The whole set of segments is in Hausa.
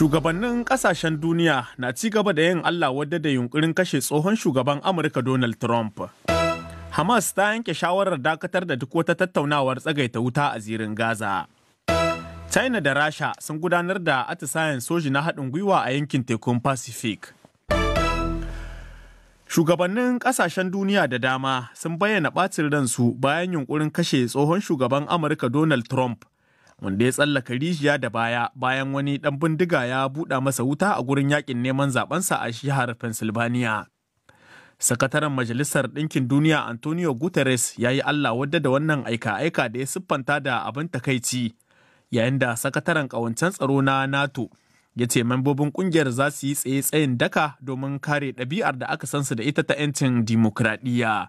Shugabannin kasashen duniya na ci gaba da yin Allah wadda da yunkurin kashe tsohon shugaban Amurka Donald Trump. Hamas ta yanke shawarar dakatar da duk wata tattaunawar tsagaita wuta a zirin Gaza. China da Rasha sun gudanar da atisayen soji na haɗin gwiwa a yankin tekun Pacific. Shugabannin kasashen duniya da dama sun bayyana ɓacin ransu bayan yunkurin kashe tsohon shugaban Amurka Donald Trump wanda ya tsallaka rijiya da baya bayan wani dan bindiga ya buɗa masa wuta a gurin yakin neman zabensa a shihar Pennsylvania. Sakataren Majalisar Ɗinkin Duniya Antonio Guterres ya yi Allah wadda da wannan aika-aika da ya siffanta da abin takaici, yayin da sakataren ƙawancen tsaro na NATO ya ce membobin ƙungiyar za su yi tsaye-tsayin daka domin kare ɗabi'ar da aka san su da ita ta 'yancin dimokuraɗiyya.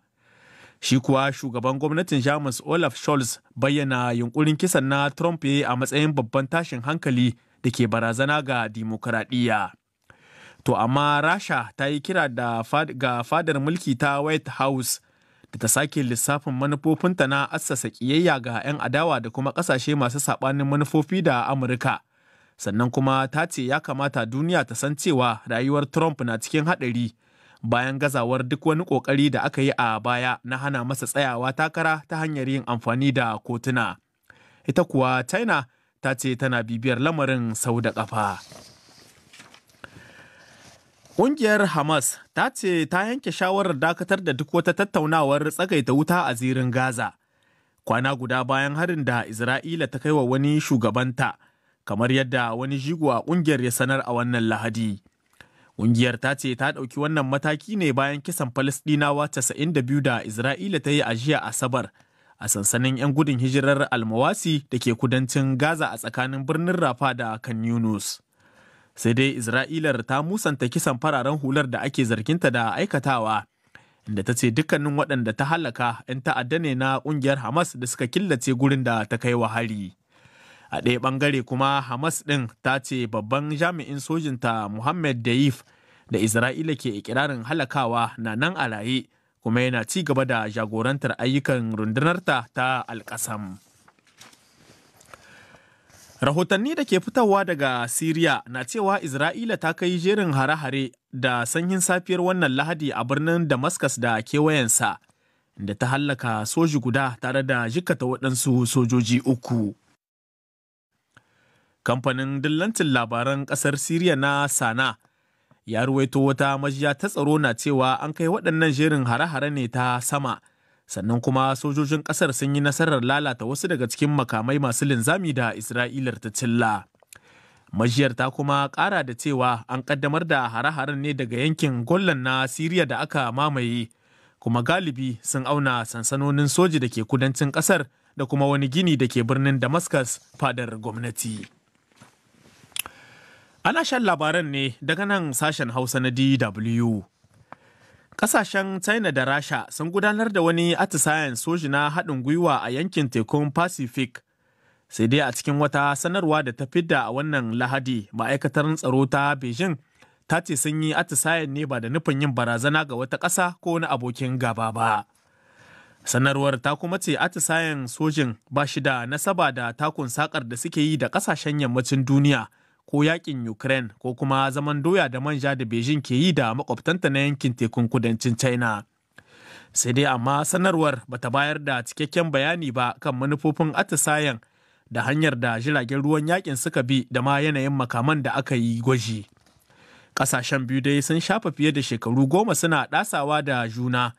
Shi kuwa shugaban gwamnatin Jamus Olaf Scholz bayyana yunkurin kisan na Trump ya a matsayin babban tashin hankali da ke barazana ga dimokraɗiyya. To amma Rasha ta yi kira da ga fadar mulki ta White House da ta sake lissafin manufofinta na assasa ƙiyayya ga 'yan adawa da kuma ƙasashe masu saɓanin manufofi da Amurka. Sannan kuma ta ce ya kamata duniya ta san cewa rayuwar Trump na cikin haɗari. bayan gazawar duk wani kokari da aka yi a baya na hana masa tsayawa takara ta hanyar yin amfani da kotuna ita kuwa china ta ce tana bibiyar lamarin sau da ƙafa. Ƙungiyar Hamas ta ce ta yanke shawarar dakatar da duk wata tattaunawar tsagaita wuta a zirin Gaza. Kwana guda bayan harin da Isra'ila ta kai wa wani shugabanta, kamar yadda wani jigo a ƙungiyar ya sanar a wannan Lahadi. Ƙungiyar ta ce ta ɗauki wannan mataki ne bayan kisan Falasɗinawa 92 da Isra'ila ta yi a jiya Asabar a sansanin 'yan gudun hijirar almawasi da ke kudancin Gaza a tsakanin birnin Rafa da Kan Yunus. Sai dai Isra'ilar ta musanta kisan fararen hular da ake zarginta da aikatawa. inda ta ce dukkanin waɗanda ta halaka 'yan ta'adda ne na ƙungiyar Hamas da suka killace gurin da ta kai wa hari. a ɗaya ɓangare kuma hamas ɗin ta ce babban jami'in sojinta muhammad daif da isra'ila ke ikirarin halakawa na nan a raye kuma yana ci gaba da jagorantar ayyukan rundunarta ta alkasam rahotanni da ke fitowa daga siriya na cewa isra'ila ta kai jerin hare-hare da sanyin safiyar wannan lahadi a birnin damascus da kewayensa da ta hallaka soji guda tare da jikata waɗansu sojoji uku Kamfanin dillancin labaran ƙasar Siriya na Sana ya ruwaito wata majiya ta tsaro na cewa an kai waɗannan jerin hare-hare ne ta sama. Sannan kuma sojojin ƙasar sun yi nasarar lalata wasu daga cikin makamai masu linzami da Isra'ilar ta cilla. Majiyar ta kuma ƙara da cewa an ƙaddamar da hare-haren ne daga yankin Gollan na Siriya da aka mamaye. kuma galibi sun auna sansanonin soji da ke kudancin ƙasar da kuma wani gini da ke birnin damascus fadar gwamnati. Ana shan labaran ne daga nan sashen Hausa na DW. Kasashen China da Rasha sun gudanar da wani atisayen soji na haɗin gwiwa a yankin tekun Pacific. Sai dai a cikin wata sanarwa da ta fidda a wannan lahadi ma'aikatar tsaro ta Beijing ta ce sun yi atisayen ne ba da nufin yin barazana ga wata ƙasa ko wani abokin gaba ba. Sanarwar ta kuma ce atisayen sojin ba shi da nasaba da takun sakar da suke yi da ƙasashen yammacin duniya. ko yakin Ukraine ko kuma zaman doya da manja da Beijing ke yi da makwabtanta na yankin tekun kudancin China. Sai dai amma sanarwar bata bayar da cikakken bayani ba kan manufofin atisayen da hanyar da jiragen ruwan yakin suka bi da ma yanayin makaman da aka yi gwaji. Kasashen biyu dai sun shafa fiye da shekaru goma suna ɗasawa da juna,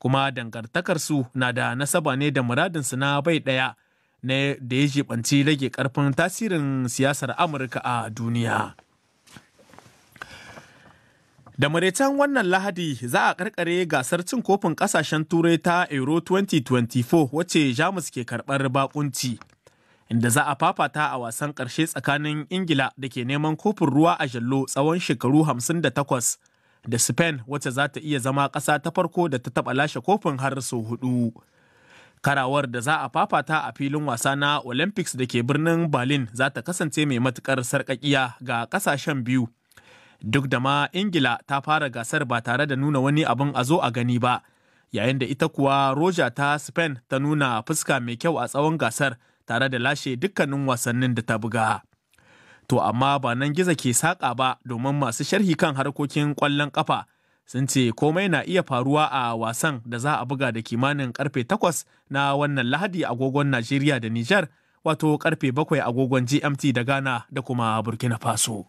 kuma dangantakarsu na da nasaba ne da muradinsu na bai ɗaya. ne da ya jibanci rage karfin tasirin siyasar amurka a duniya da maraitan wannan lahadi za a karkare gasar cin kofin kasashen turai ta euro 2024 wacce jamus ke karbar bakunci inda za a fafata a wasan karshe tsakanin ingila da ke neman kofin ruwa a jallo tsawon shekaru 58 da spain wacce za ta iya zama ƙasa ta farko da ta taɓa lashe kofin har sau hudu karawar da za a fafata a filin wasa na olympics da ke birnin berlin za ta kasance mai matukar sarkakiya ga kasashen biyu duk da ma ingila ta fara gasar ba tare da nuna wani abin a zo a gani ba yayin da ita kuwa roja ta spain ta nuna fuska mai kyau a tsawon gasar tare da lashe dukkanin wasannin da ta buga to amma ba nan giza ke saƙa ba domin masu sharhi kan harkokin ƙwallon ƙafa sun ce komai na iya faruwa a wasan da za a buga da kimanin karfe 8 na wannan lahadi agogon najeriya da nijar wato karfe 7 agogon gmt da ghana da kuma burkina faso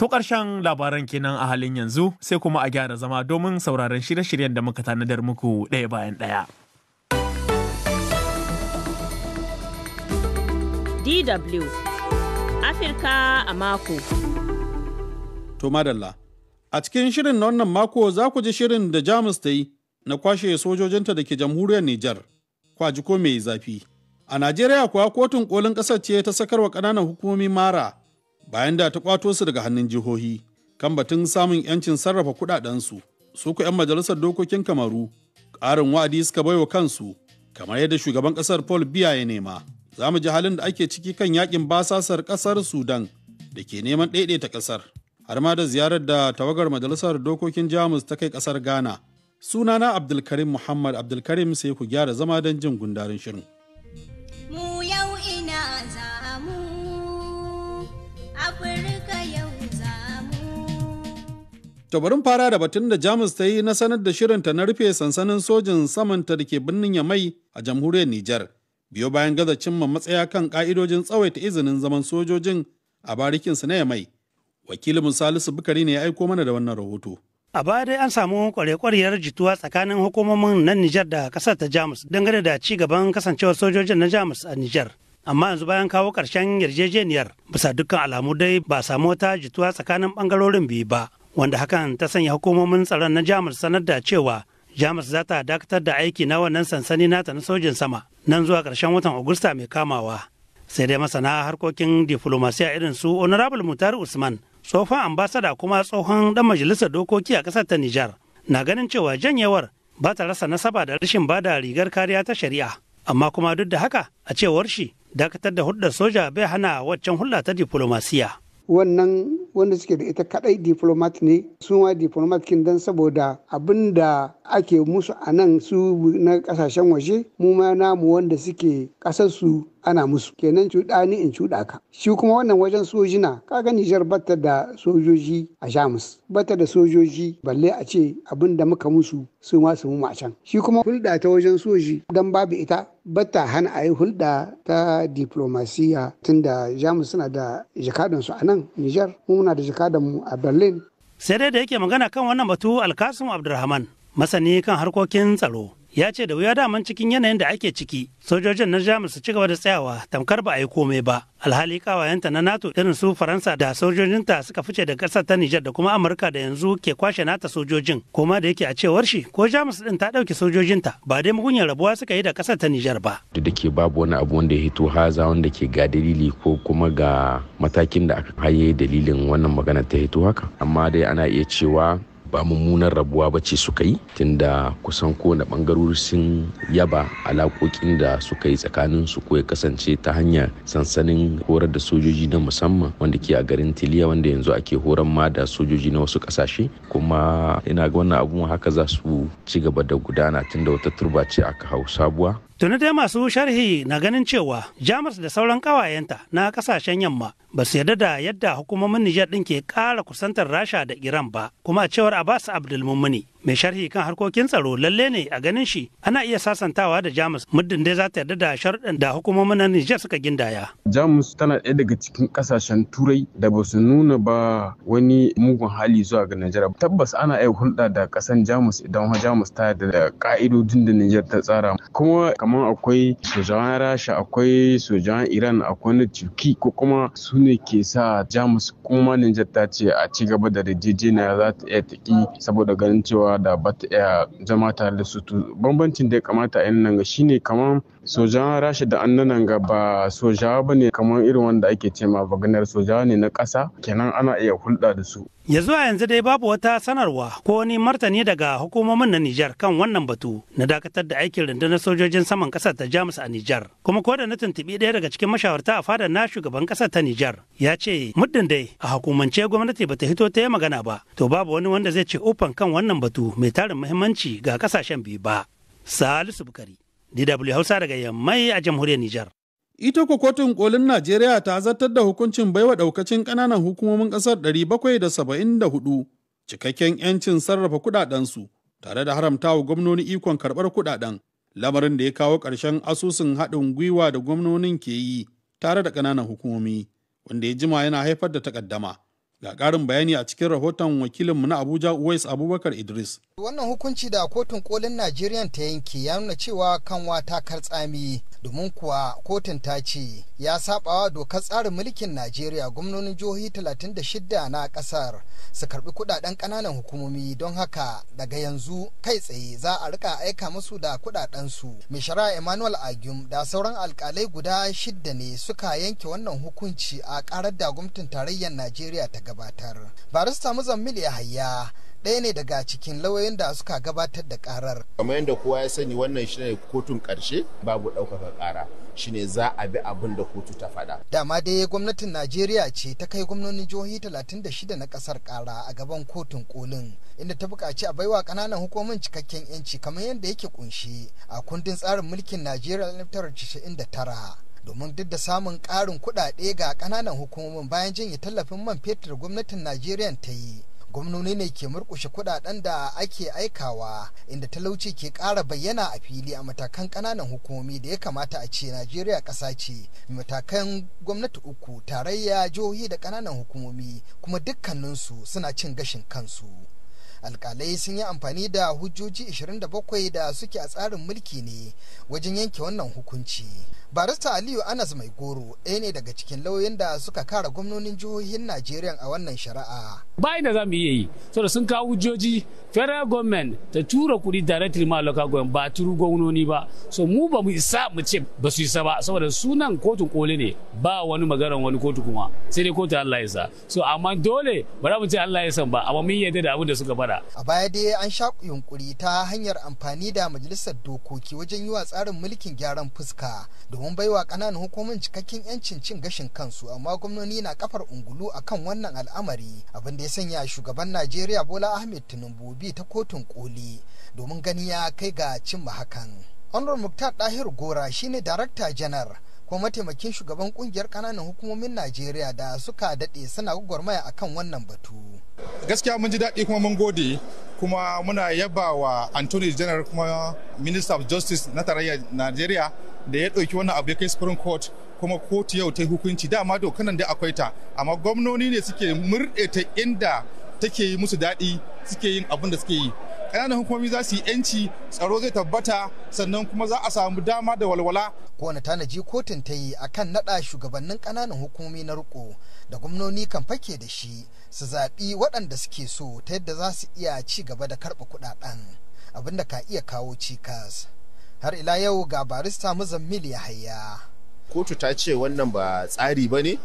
to ƙarshen labaran kenan a halin yanzu sai kuma a gyara zama domin sauraron shirye-shiryen da muka tanadar muku ɗaya bayan ɗaya dw afirka a mako to madalla A cikin shirin na wannan mako za ku ji shirin da Jamus ta yi na kwashe sojojinta da ke jamhuriyar Nijar, kwaji ko mai zafi. A Najeriya kuwa kotun kolin ƙasar ce ta sakarwa ƙananan hukumomi mara bayan da ta kwato su daga hannun jihohi kan batun samun 'yancin sarrafa kuɗaɗensu. Su ku 'yan majalisar dokokin Kamaru ƙarin wa'adi suka baiwa kansu kamar yadda shugaban ƙasar Paul Biya ya nema. Za mu ji halin da ake ciki kan yakin basasar ƙasar Sudan da ke neman ɗaiɗaita ƙasar. har ma da ziyarar da tawagar majalisar dokokin jamus ta kai kasar ghana sunana abdulkarim muhammad abdulkarim sai ku gyara zama don jin gundarin shirin mu fara da batun da jamus ta yi na sanar da shirinta na rufe sansanin sojin samanta da ke birnin yamai a jamhuriyar nijar biyo bayan gaza cimma matsaya kan ka'idojin tsawaita izinin zaman sojojin a barikinsu na yamai wakilin salisu bukari ne ya aiko mana da wannan rahoto a baya dai an samu kware-kwaryar jituwa tsakanin hukumomin na nijar da kasar ta jamus dangane da ci gaban kasancewar sojojin na jamus a nijar amma yanzu bayan kawo ƙarshen yarjejeniyar bisa dukkan alamu dai ba samu wata jituwa tsakanin ɓangarorin biyu ba wanda hakan ta sanya hukumomin tsaron na jamus sanar da cewa jamus za ta dakatar da aiki na wannan sansani nata na sojin sama nan zuwa ƙarshen watan agusta mai kamawa sai dai masana harkokin diflomasiya irin su honorable mutaru usman tsohon ambasada kuma tsohon dan majalisar dokoki a ƙasar ta Nijar na ganin cewa janyewar ba ta rasa nasaba da rashin bada rigar kariya ta shari'a amma kuma duk da haka a cewar shi dakatar da hulɗar soja bai hana waccan hulɗa ta diplomasiya. wannan wanda suke da ita kadai diplomat ne su ma diplomat kin dan saboda abin da ake musu a nan su na kasashen waje mu ma namu wanda suke kasar su ana musu kenan cuɗa ni in cuɗa ka shi kuma wannan wajen sojina kaga Nijar bata da sojoji a Jamus bata da sojoji balle a ce abin da muka musu su ma su mu a can shi kuma hulɗa ta wajen soji dan babu ita bata hana a yi hulɗa ta diplomasiya tunda jamus suna da jakadansu a nan nijar muna da jakadanmu a berlin sai dai da yake magana kan wannan batu alkasim abdulrahman masani kan harkokin tsaro ya ce da wuya dama cikin yanayin da ake ciki sojojin na jamus su ci gaba da tsayawa tamkar ba a yi komai ba alhali kawayenta na nato irin su faransa da sojojinta suka fice da kasar ta nijar da kuma amurka da yanzu ke kwashe nata sojojin koma da yake a cewar shi ko jamus din ta ɗauki sojojinta ba dai mugunyar rabuwa suka yi da kasar ta nijar ba da ke babu wani abu wanda ya hito haza wanda ke ga dalili ko kuma ga matakin da aka haye dalilin wannan magana ta hito haka amma dai ana iya cewa ba mummunan rabuwa ba ce suka yi tunda kusan kowane bangarori sun yaba alaƙoƙin da suka yi tsakanin su ko ya kasance ta hanyar sansanin horar da sojoji na musamman wanda ke a garin tiliya wanda yanzu ake horar ma da sojoji na wasu ƙasashe kuma ina ga wannan abun haka za su ci gaba da gudana tunda wata turba ce aka hau sabuwa Tuni dai masu sharhi na ganin cewa Jamus da sauran kawayenta na kasashen yamma ba su yarda da yadda hukumomin Nijar ɗin ke ƙara kusantar Rasha da Iran ba, kuma a cewar Abbas Abdulmumini mai sharhi kan harkokin tsaro lalle ne a ganin shi ana iya sasantawa da jamus muddin dai za ta yarda da sharuɗan da hukumomin na nijar suka gindaya jamus tana ɗaya daga cikin ƙasashen turai da ba su nuna ba wani mugun hali zuwa ga nijar tabbas ana iya hulɗa da ƙasan jamus idan jamus ta yarda da ƙa'idodin da nijar ta tsara kuma kamar akwai sojan rasha akwai sojan iran akwai na turki ko kuma su ne ke sa jamus kuma nijar ta ce a ci gaba da yarjejeniya za ta iya taƙi saboda ganin cewa da ba ta iya zama tare da su bambancin da ya kamata a nan ga shine kamar sojan rasha da annanan ga ba sojawa ba ne kamar irin wanda ake ce ma baganar sojawa ne na ƙasa kenan ana iya hulɗa da su ya zuwa yanzu dai babu wata sanarwa ko wani martani daga hukumomin na nijar kan wannan batu na dakatar da aikin rundunar sojojin saman ƙasar ta jamus a nijar kuma ko da na tuntuɓi ɗaya daga cikin mashawarta a fadar na shugaban ƙasar ta nijar ya ce muddin dai a hukumance gwamnati bata hito ta yi magana ba to babu wani wanda zai ce ofan kan wannan batu mai tarin muhimmanci ga ƙasashen biyu ba salisu bukari DW Hausa daga Yammai a jamhuriyar Nijar. Ita ko kotun kolin Najeriya ta zartar da hukuncin baiwa daukacin ƙananan hukumomin ƙasar 774 cikakken 'yancin sarrafa su, tare da haramtawa gwamnoni ikon karɓar kuɗaɗen lamarin da ya kawo ƙarshen asusun haɗin gwiwa da gwamnonin ke yi tare da ƙananan hukumomi wanda ya jima yana haifar da takaddama. Ga ƙarin bayani a cikin rahoton wakilinmu na Abuja Uwais Abubakar Idris. wannan hukunci da kotun kolin najeriya ta yanke ya nuna cewa kanwa ta tsami domin kuwa kotun ta ce ya sabawa dokar tsarin mulkin najeriya gwamnonin jihohi 36 na kasar su karbi kudaden kananan hukumomi don haka daga yanzu kai tsaye za a rika aika musu da kudadensu mai shari'a emmanuel agum da sauran alkalai guda shidda ne suka yanke wannan hukunci a karar da gwamnatin tarayyar najeriya ta gabatar barista muzammil yahaya ɗaya ne daga cikin lauyoyin da suka gabatar da karar. kamar yadda kowa ya sani wannan shi ne kotun ƙarshe babu ɗaukaka ƙara ne za a bi abin da kotu ta faɗa. dama dai gwamnatin najeriya ce ta kai gwamnonin jihohi talatin da shida na ƙasar ƙara a gaban kotun kolin inda ta buƙaci a baiwa ƙananan hukumomin cikakken yanci kamar yadda yake kunshi a kundin tsarin mulkin najeriya na tara, domin duk da samun ƙarin kuɗaɗe ga ƙananan hukumomin bayan janye tallafin man fetur gwamnatin najeriya ta yi gwamnoni ne ke murkushe kudaden da ake aikawa inda talauci ke ƙara bayyana a fili a matakan ƙananan hukumomi da ya kamata a ce najeriya ƙasa ce matakan gwamnati uku tarayya jihohi da ƙananan hukumomi kuma dukkaninsu suna cin gashin kansu alkalai sun yi amfani da hujjoji 27 da suke a tsarin mulki ne wajen yanke wannan hukunci barista aliyu anas mai goro ɗaya ne daga cikin lauyoyin da suka kara gwamnonin jihohin najeriya a wannan shari'a bayan da za mu iya yi saboda sun kawo hujjoji federal government ta tura kuɗi directly ma local government ba turu gwamnoni ba so mu ba mu isa mu ce ba su isa ba saboda sunan kotun koli ne ba wani maganar wani kotu kuma sai dai kotu Allah ya sa so amma dole ba za mu ce Allah ya san ba amma mun yadda da abin da suka fara. shekara. A baya dai an sha yunkuri ta hanyar amfani da majalisar dokoki wajen yi wa tsarin mulkin gyaran fuska domin baiwa ƙananan hukumomin cikakken 'yancin cin gashin kansu amma gwamnoni na kafar ungulu akan wannan al'amari abin da ya sanya shugaban Najeriya Bola Ahmed Tinubu bi ta kotun koli domin gani ya kai ga cimma hakan. Honorable Muktar Dahir Gora shine Darakta Janar ko mataimakin shugaban kungiyar kananan hukumomin najeriya da suka daɗe suna gwagwarmaya akan wannan batu gaskiya mun ji daɗi kuma mun gode kuma muna yaba wa anthony general kuma minister of justice na tarayyar najeriya da ya ɗauki wannan abu ya kai supreme court kuma kotu yau ta hukunci dama dokanan da akwai ta amma gwamnoni ne suke murɗe ta inda take yi musu daɗi suke yin abin da suke yi ƙananan hukumomi za su yi yanci tsaro zai tabbata sannan kuma za a samu dama da walwala kowane tanaji kotun ta yi a kan naɗa shugabannin ƙananan hukumomi na riko da gwamnoni kan fake da shi su zaɓi waɗanda suke so ta yadda za su iya ci gaba da karɓa kuɗaɗen abin da ka iya kawo cikas har ila yau ga barista muzammil yahaya kotu ta ce wannan ba tsari ba ne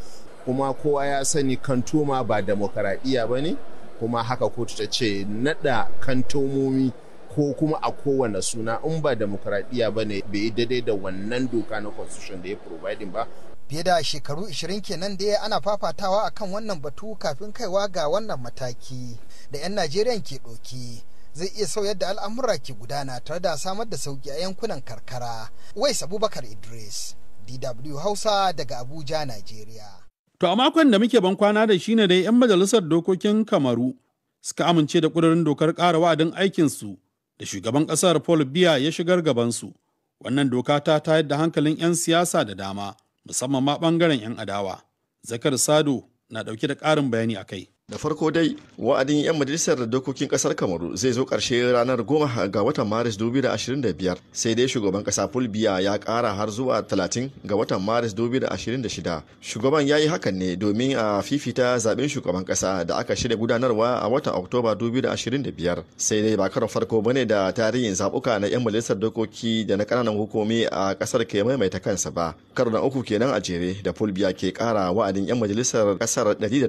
kuma kowa ya sani kantoma ba demokaradiyya ba ne kuma haka kotu ta ce nada kantomomi ko kuma a kowane suna in ba demokuraɗiyya ba ne bai daidai da wannan doka na constitution da ya providing ba fiye da shekaru 20 kenan da ya ana fafatawa akan wannan batu kafin kaiwa ga wannan mataki da 'yan najeriya ke ɗoki zai iya sauyar da al'amura ke gudana tare da samar da sauki a yankunan karkara wais abubakar idris dw hausa daga abuja najeriya To a makon da muke bankwana da shi ne dai 'yan majalisar dokokin Kamaru suka amince da ƙudurin dokar ƙara wa'adin aikinsu da shugaban ƙasar Paul Biya ya shigar gabansu. Wannan doka ta tayar da hankalin 'yan siyasa da dama, musamman ma ɓangaren 'yan adawa. Zakar Sado na ɗauke da ƙarin bayani a kai. da farko dai wa'adin 'yan majalisar dokokin kasar kamaru zai zo karshe ranar 10 ga watan maris 2025 sai dai shugaban kasa fulbiya ya kara har zuwa 30 ga watan maris 2026 shugaban ya yi hakan ne domin a fifita zaben shugaban kasa da aka shirya gudanarwa a watan oktoba 2025 sai dai ba karon farko bane da tarihin zabuka na 'yan majalisar dokoki da na kananan hukumi a kasar ke maimaita kansa ba karo na uku kenan a jere da fulbiya ke kara wa'adin 'yan majalisar kasar 180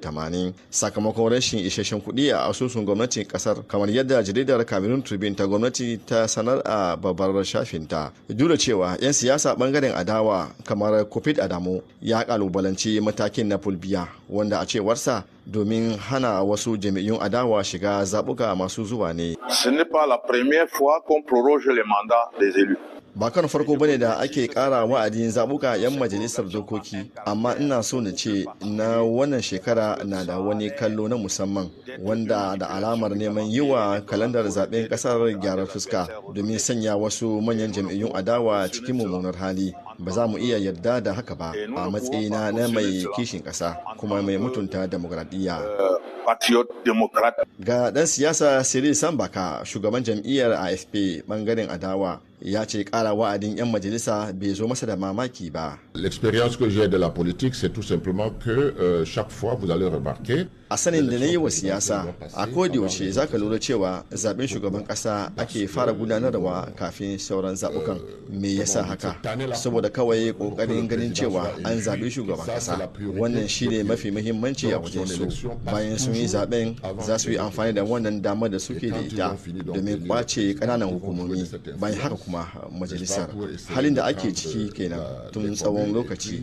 sakamakon rashin isasshen kuɗi a asusun gwamnatin kasar kamar yadda jaridar cameroon tribune ta gwamnati ta sanar a babbar shafinta duk da cewa 'yan siyasa ɓangaren adawa kamar kofit adamu ya kalubalanci matakin na fulbiya wanda a cewarsa domin hana wasu jami'un adawa shiga zaɓuka masu zuwa ne. Ce n'est pas la première fois qu'on proroge les mandats des ba kan farko bane da ake kara wa'adin zabuka yan majalisar dokoki amma ina so na ce na wannan shekara na da wani kallo na musamman wanda da alamar neman yi wa kalandar zaben kasar gyara fuska domin sanya wasu manyan jam'iyyun adawa cikin mummunar hali ba za mu iya yarda da haka ba a matsayina na mai kishin ƙasa kuma mai mutunta demokradiyya l'expérience que j'ai de la politique c'est tout simplement que euh, chaque fois vous allez remarquer a sanin da na yi wa siyasa a yaushe za ka lura cewa zaben shugaban kasa ake fara gudanarwa kafin sauran zabukan me yasa haka saboda kawai kokarin ganin cewa an zaɓi shugaban kasa wannan shine mafi muhimmanci a wajen su bayan sun yi zaben za su yi amfani da wannan damar da suke da ita domin kwace kananan hukumomi bayan haka kuma majalisar halin da ake ciki kenan tun tsawon lokaci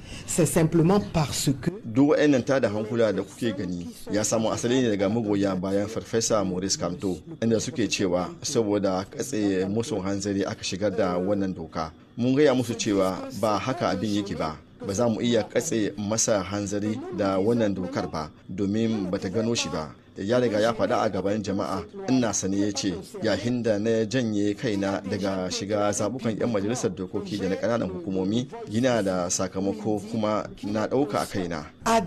c'est simplement parce que duk ta tada hankula da kuke gani ya samu asali ne daga magoya bayan farfesa Maurice Kamto inda suke cewa saboda katse musu hanzari aka shigar da wannan doka mun gaya musu cewa ba haka abin yake ba ba za mu iya katse masa hanzari da wannan dokar ba domin bata gano shi ba da ya riga ya faɗa a gaban jama'a ina sani ya ce yayin da na janye kaina daga shiga zabukan 'yan majalisar dokoki da na kananan hukumomi yana da sakamako kuma na ɗauka a kaina a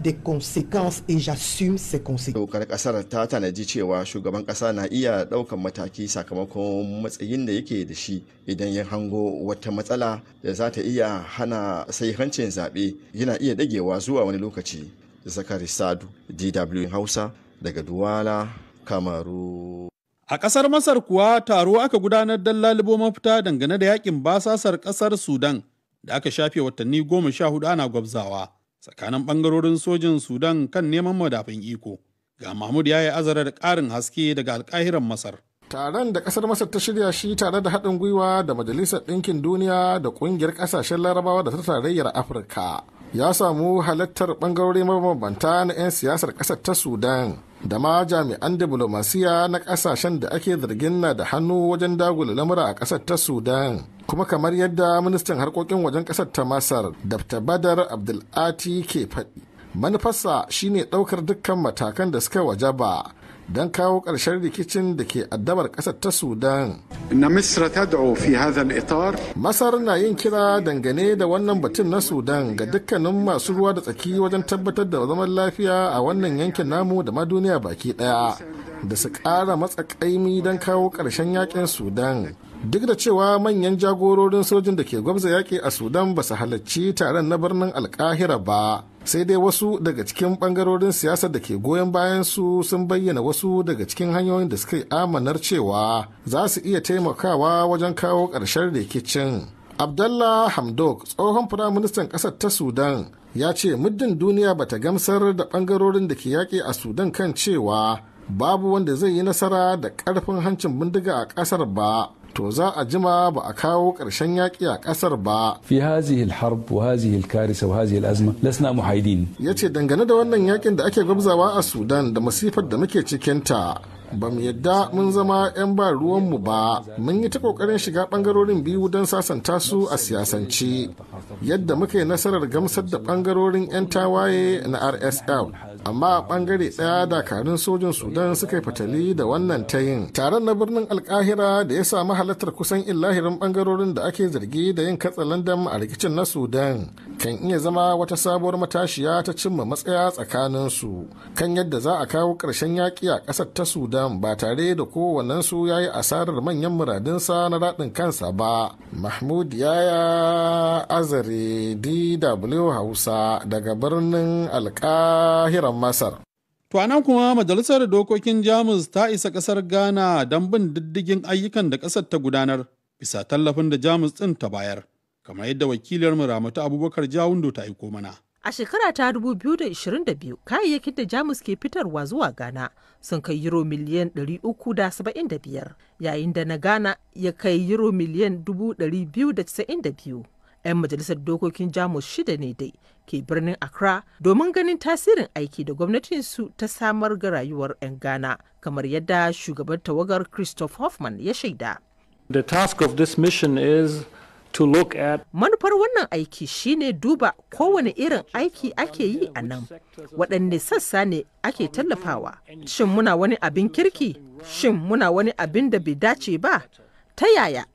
dokar kasar ta tanaji cewa shugaban kasa na iya ɗaukan mataki sakamakon matsayin da yake da shi idan ya hango wata matsala da za ta iya hana sai hancin zaɓe yana iya dagewa zuwa wani lokaci zakari sadu dw hausa daga Duwala, Kamaru. A ƙasar Masar kuwa taro aka gudanar don lalubo mafita dangane da yakin basasar ƙasar Sudan da aka shafe watanni goma sha hudu ana gwabzawa tsakanin ɓangarorin sojin Sudan kan neman madafin iko. Ga Mahmud ya yi azara ƙarin haske daga alƙahiran Masar. taron da ƙasar masar ta shirya shi tare da haɗin gwiwa da majalisar ɗinkin duniya da ƙungiyar ƙasashen larabawa da ta tarayyar afirka ya samu halittar bangarori mabambanta na 'yan siyasar ƙasar ta sudan da ma jami'an diplomasiya na ƙasashen da ake zargin na da hannu wajen dagula lamura a ƙasar ta sudan kuma kamar yadda ministan harkokin wajen ƙasar ta masar dr badar abdulati ke faɗi manufarsa shine ɗaukar dukkan matakan da suka wajaba don kawo ƙarshen rikicin da ke addabar ƙasar ta sudan masar na yin kira dangane da wannan batun na sudan ga dukkanin masu ruwa da tsaki wajen tabbatar da zaman lafiya a wannan yankin namu da ma duniya baki ɗaya da su ƙara matsakaimi don kawo ƙarshen yakin sudan duk da cewa manyan jagororin sojin da ke gwamza yaƙi a sudan ba su halarci taron na birnin alkahira ba sai dai wasu daga cikin bangarorin siyasa da ke goyon bayan su sun bayyana wasu daga cikin hanyoyin da suka yi amanar cewa za su iya taimakawa wajen kawo ƙarshen rikicin abdallah hamdok tsohon firaministan ƙasar ta sudan ya ce muddin duniya ba ta gamsar da bangarorin da ke yaƙi a sudan kan cewa babu wanda zai yi nasara da ƙarfin hancin bindiga a ƙasar ba to za a jima ba a kawo ƙarshen yaƙi a ƙasar ba. Fi hazihi harb wa hazihi karisa wa hazihi azma lasna muhaidin. Ya ce dangane da wannan yaƙin da ake gwabzawa a Sudan da masifar da muke cikinta ba mu yadda mun zama 'yan ba ruwanmu ba mun yi ta ƙoƙarin shiga ɓangarorin biyu don sasanta su a siyasance yadda muka yi nasarar gamsar da bangarorin 'yan tawaye na rsl amma a bangare daya dakarun sojin sudan suka yi fatali da wannan ta yin. taron na birnin alkahira da ya samu halartar kusan illahirin bangarorin da ake zargi da yin katsalandan a rikicin na sudan kan iya zama wata sabuwar matashiya ta cimma matsaya tsakanin su kan yadda za a kawo ƙarshen yaƙi a ƙasar ta sudan ba tare da su ya yi asarar manyan muradinsa na raɗin kansa ba mahmud yaya azar dare DW Hausa daga birnin Alkahiran Masar. To anan kuma Majalisar Dokokin Jamus ta isa kasar Ghana don bin diddigin ayyukan da kasar ta gudanar bisa tallafin da Jamus ɗin ta bayar, kamar yadda wakilar mu Ramatu Abubakar Jawundo ta aiko mana. A shekara ta 2022 kayayyakin da Jamus ke fitarwa zuwa Ghana sun kai euro miliyan 375 yayin da na Ghana ya kai euro miliyan 292. 'yan majalisar dokokin jamus shida ne dai ke birnin accra domin ganin tasirin aiki da gwamnatin su ta samar ga rayuwar 'yan ghana kamar yadda shugaban tawagar christoph hoffman ya shaida the task of this mission is to look at manufar wannan aiki shine duba kowane irin aiki ake yi a nan waɗanne sassa ne ake tallafawa shin muna wani abin kirki shin muna wani abin da bai dace ba ta yaya